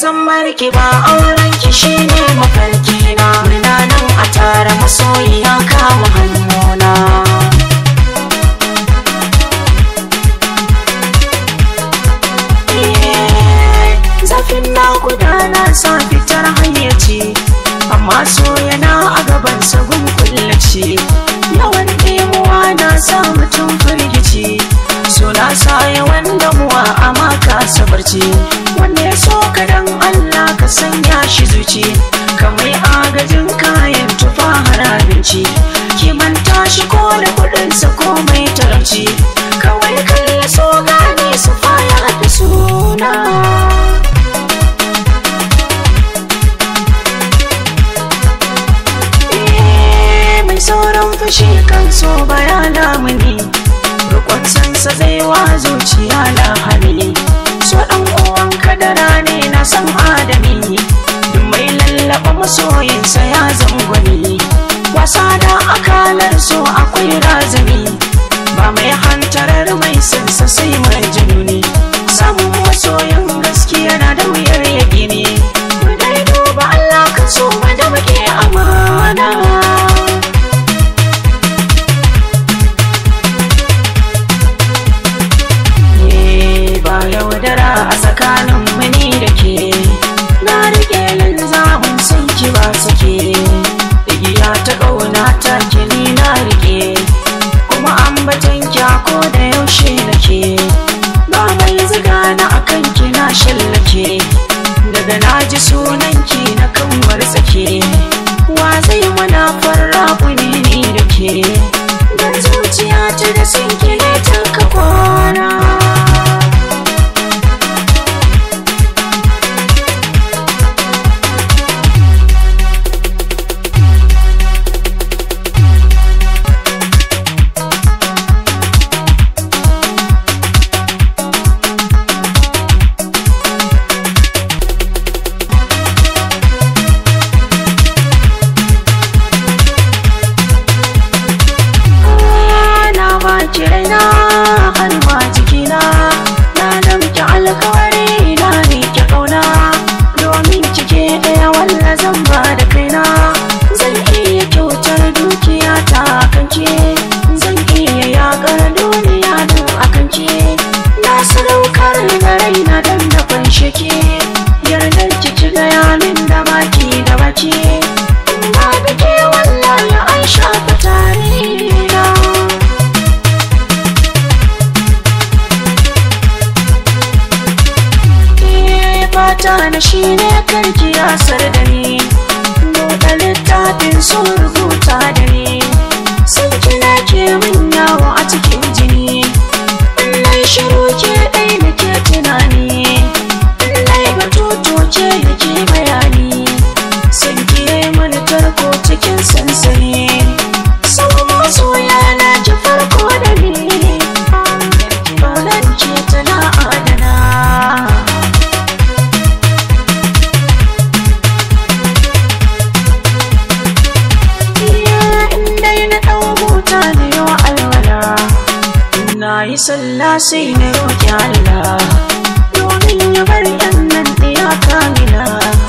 zan marki ba auren ki shine mafarki na muna nan a tara masoyiya kama hannuna eh, zafin na gudana sa fitar hayyaci amma soyana a gaban sagun kullaci yawan nemuwa na sa mutum firgici so na sa yawan damuwa a maka sabarci ci kawai kalle so gane su faya da suna eh, mai sauran fushi kan so baya damuni rukwatansa zai wa zuciya hali so ɗan uwan kadara ne na san adami duk mai lallaba masoyinsa ya zangwani wasa da akalar so akwai razi 美好。shallake daga na ji sunanki na kanwar sake wa zai mana farra ni da ke da zuciya ta da sinke ta kwana lokaci na da ke wallahi an shafa Eh fata na shi ne karki asar da ni buɗe littafin sun rubuta da na yi sallah sai na roƙi Allah domin ya bar yan nan ya